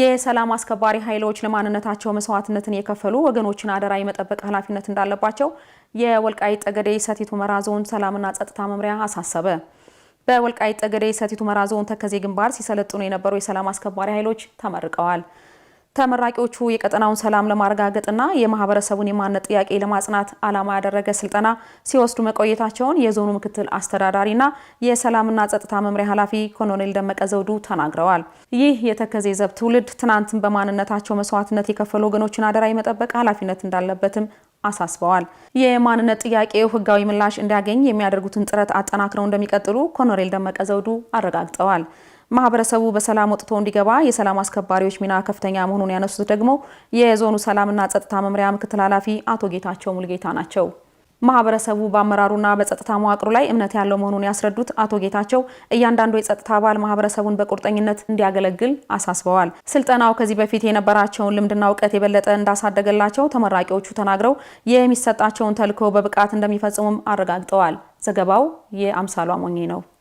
የሰላም አስከባሪ ኃይሎች ለማንነታቸው መስዋዕትነትን የከፈሉ ወገኖችን አደራ የመጠበቅ ኃላፊነት እንዳለባቸው የወልቃይት ጠገዴ ሰቲት ሁመራ ዞን ሰላምና ጸጥታ መምሪያ አሳሰበ። በወልቃይት ጠገዴ ሰቲት ሁመራ ዞን ተከዜ ግንባር ሲሰለጥኑ የነበሩ የሰላም አስከባሪ ኃይሎች ተመርቀዋል። ተመራቂዎቹ የቀጠናውን ሰላም ለማረጋገጥና የማህበረሰቡን የማንነት ጥያቄ ለማጽናት ዓላማ ያደረገ ስልጠና ሲወስዱ መቆየታቸውን የዞኑ ምክትል አስተዳዳሪና የሰላምና ጸጥታ መምሪያ ኃላፊ ኮሎኔል ደመቀ ዘውዱ ተናግረዋል። ይህ የተከዜ ዘብ ትውልድ ትናንትን በማንነታቸው መስዋዕትነት የከፈሉ ወገኖችን አደራ የመጠበቅ ኃላፊነት እንዳለበትም አሳስበዋል። የማንነት ጥያቄው ህጋዊ ምላሽ እንዲያገኝ የሚያደርጉትን ጥረት አጠናክረው እንደሚቀጥሉ ኮሎኔል ደመቀ ዘውዱ አረጋግጠዋል። ማህበረሰቡ በሰላም ወጥቶ እንዲገባ የሰላም አስከባሪዎች ሚና ከፍተኛ መሆኑን ያነሱት ደግሞ የዞኑ ሰላምና ጸጥታ መምሪያ ምክትል ኃላፊ አቶ ጌታቸው ሙልጌታ ናቸው። ማህበረሰቡ በአመራሩና በጸጥታ መዋቅሩ ላይ እምነት ያለው መሆኑን ያስረዱት አቶ ጌታቸው እያንዳንዱ የጸጥታ አባል ማህበረሰቡን በቁርጠኝነት እንዲያገለግል አሳስበዋል። ስልጠናው ከዚህ በፊት የነበራቸውን ልምድና እውቀት የበለጠ እንዳሳደገላቸው ተመራቂዎቹ ተናግረው የሚሰጣቸውን ተልዕኮ በብቃት እንደሚፈጽሙም አረጋግጠዋል። ዘገባው የአምሳሉ አሞኜ ነው።